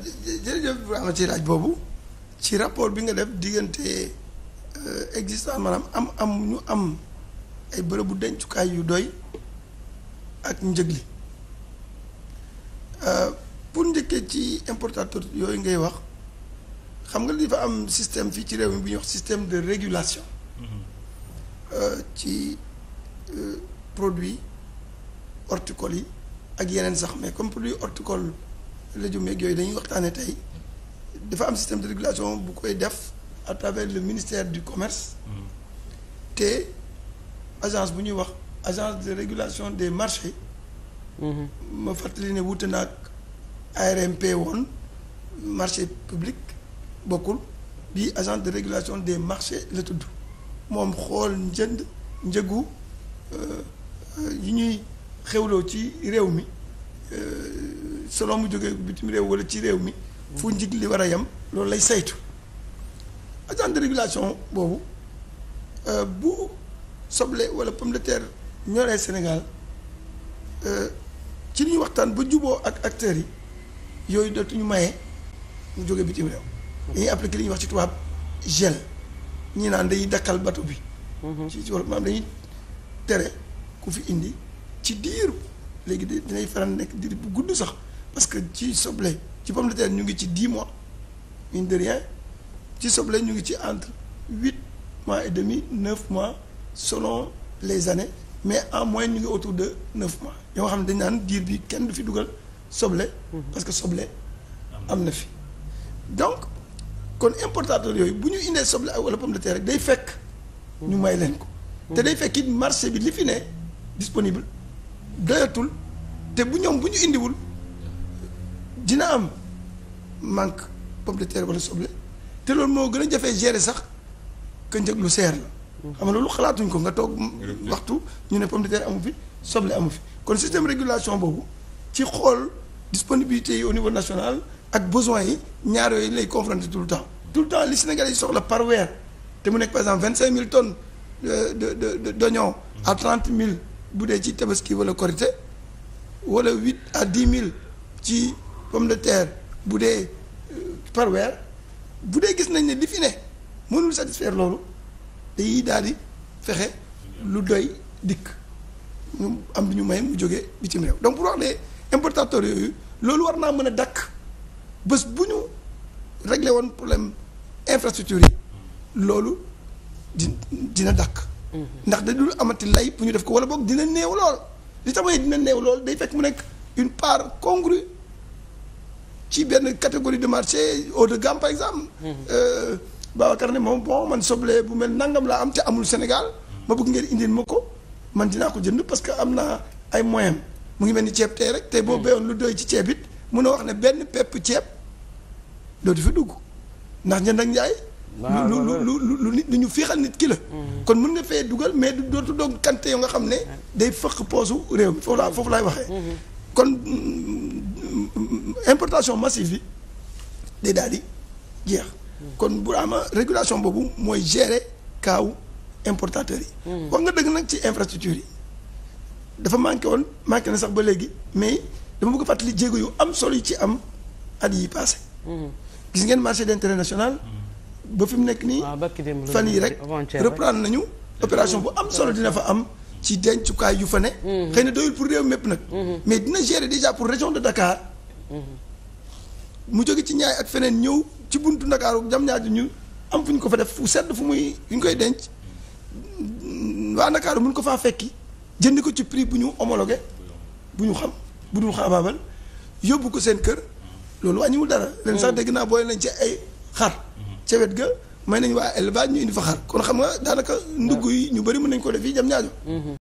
jërëjëf ci laaj boobu ci rapport bi nga def diggante euh, existence maanaam am am ñu am ay bërëbu dencukaay yu doy ak njëg li euh, pour njëkkee ci importateur yooyu ngay wax xam nga li fa am système fii ci réew mi bu ñuy wax système de régulation mm-hmm. euh, ci produit horticole yi ak yeneen sax mais comme produit horticole lëjum yeeg yooyu dañuy waxtaanee tey dafa am système de régulation bu koy def à travers le ministère du commerce. Mm-hmm. te agence bu ñuy wax agence de régulation des marché mm-hmm. ma fàttali ne wuute naag ARMP woon marché publique bokkul bii agence de régulation des marché la tudd moom xool njënd njëgu euh, euh, yi ñuy xewloo ci réew mi. Euh, selon mu jógee bitim réew wala ci réew mi fu njig li war a yem loolu lay saytu agent de régulation boobu euh, bu soble wala pomme de terre ñoree Sénégal euh, ci ñuy waxtaan ba juboo ak acteurs yi yooyu dootuñu maye mu jógee bitim réew dañuy appliqué li ñuy wax ci tubaab gel ñi naan dañuy dakkal bateau bi mhm. ci ci wàllu maanaam dañuy tere ku fi indi ci diir léegi dinay faral nekk di bu gudd sax parce que ci soble ci pomme de terre ñu ngi ci dix mois mine ci soble ñu ngi ci entre huit mois et demi neuf mois solon les années mais en moyenne ñu ngi autour de neuf mois yoo xam ne dañ naan diir bi kenn du fi dugal soble parce que soble am na fi donc kon importateur yooyu bu ñu indee soble wala pomme de terre rek day fekk ñu may leen ko te day fekk it marché bi li fi ne disponible doyatul te bu ñoom bu ñu indiwul dina am manque pomme de terre wala soble te loolu moo gën a jafee gérer sax que njëg lu seer la. xam nga loolu xalaatuñ ko nga toog waxtu ñu ne pomme de terre amu fi soble amu fi kon système régulation boobu ci xool disponibilité yi au niveau national ak besoin yi ñaar yooyu lay confronter tout le temps. tout le temps li Sénégalais yi soxla par weer te mu nekk par exemple vingt cinq mille tonnes euh, de de de d'oignon à trente mille bu dee ci tabaski wala korité wala huit à dix mille ci. pomme de terre bu dee euh, par bu dee gis nañ ne li fi ne mënul satisfaire loolu dañuy daal di fexe lu doy dikk ñu am lu ñu may mu jógee bitim réew donc bu wax ne importateurs yooyu loolu war naa mën a dakk bés bu ñu réglé woon problème infrastructure yi loolu di dina dakk mm-hmm. ndax da dul amati lay bu ñu def ko wala boog dina néew lool li tax dina neew lool day fekk mu nekk une part congrue ci benn catégorie de marché haut de gamme par exemple. Mhm. Euh, Babacar ne moom bon man soble bu mel nangam laa am te amul Sénégal ma bëgg ngeen indil ma ko man dinaa ko jënd parce que am naa ay moyens mu ngi mel ni ceeb tey rek. tey boo mhm. béyoon lu doy ci ceeb it mun a wax ne benn pepp ceeb doo di fi dugg ndax njënd ak njaay. lu lu lu lu nit lu ñu fiixal nit ki la. Mhm. kon mën nga fee dugal mais du dootu doog kante yoo nga xam ne. day fëq poosu réew mi foofu laay waxee. kon. importation massive bi day daal di jeex. kon bu ama régulation boobu mooy gérer kaaw importateurs yi. Hmm. wax nga dëgg nag ci infrastructure yi dafa manqué woon manqué na sax ba léegi mais dama bëgg fàttali jéego yu am solo yi ci am at yi passé hmm. gis ngeen marché d'intérêt national. Hmm. ba fi mu nekk nii ah, fan yi rek reprendre nañu opération bu am solo dina fa am ci dencukaay yu fa ne. xëy na doyul pour réew mépp nag. mais dina gérer déjà pour région de dakaar mu jóge ci ñaay ak feneen ñëw ci buntu ndakaaru jam ñaaju ñu am fu ñu ko fa def fu sedd fu muy fu ñu koy denc waa ndakaaru mun ko faa fekki jënd ko ci prix bu ñu homologué bu ñu xam bu dul xaabaabal yóbbu ko seen kër loolu wàññiwul dara leen sax dégg naa boole nañ ci ay xar ca wet ga may nañ waa élevage ñu indi fa xar kon xam nga daanaka ndugg yi ñu bëri mën nañ ko def yi jam ñaaju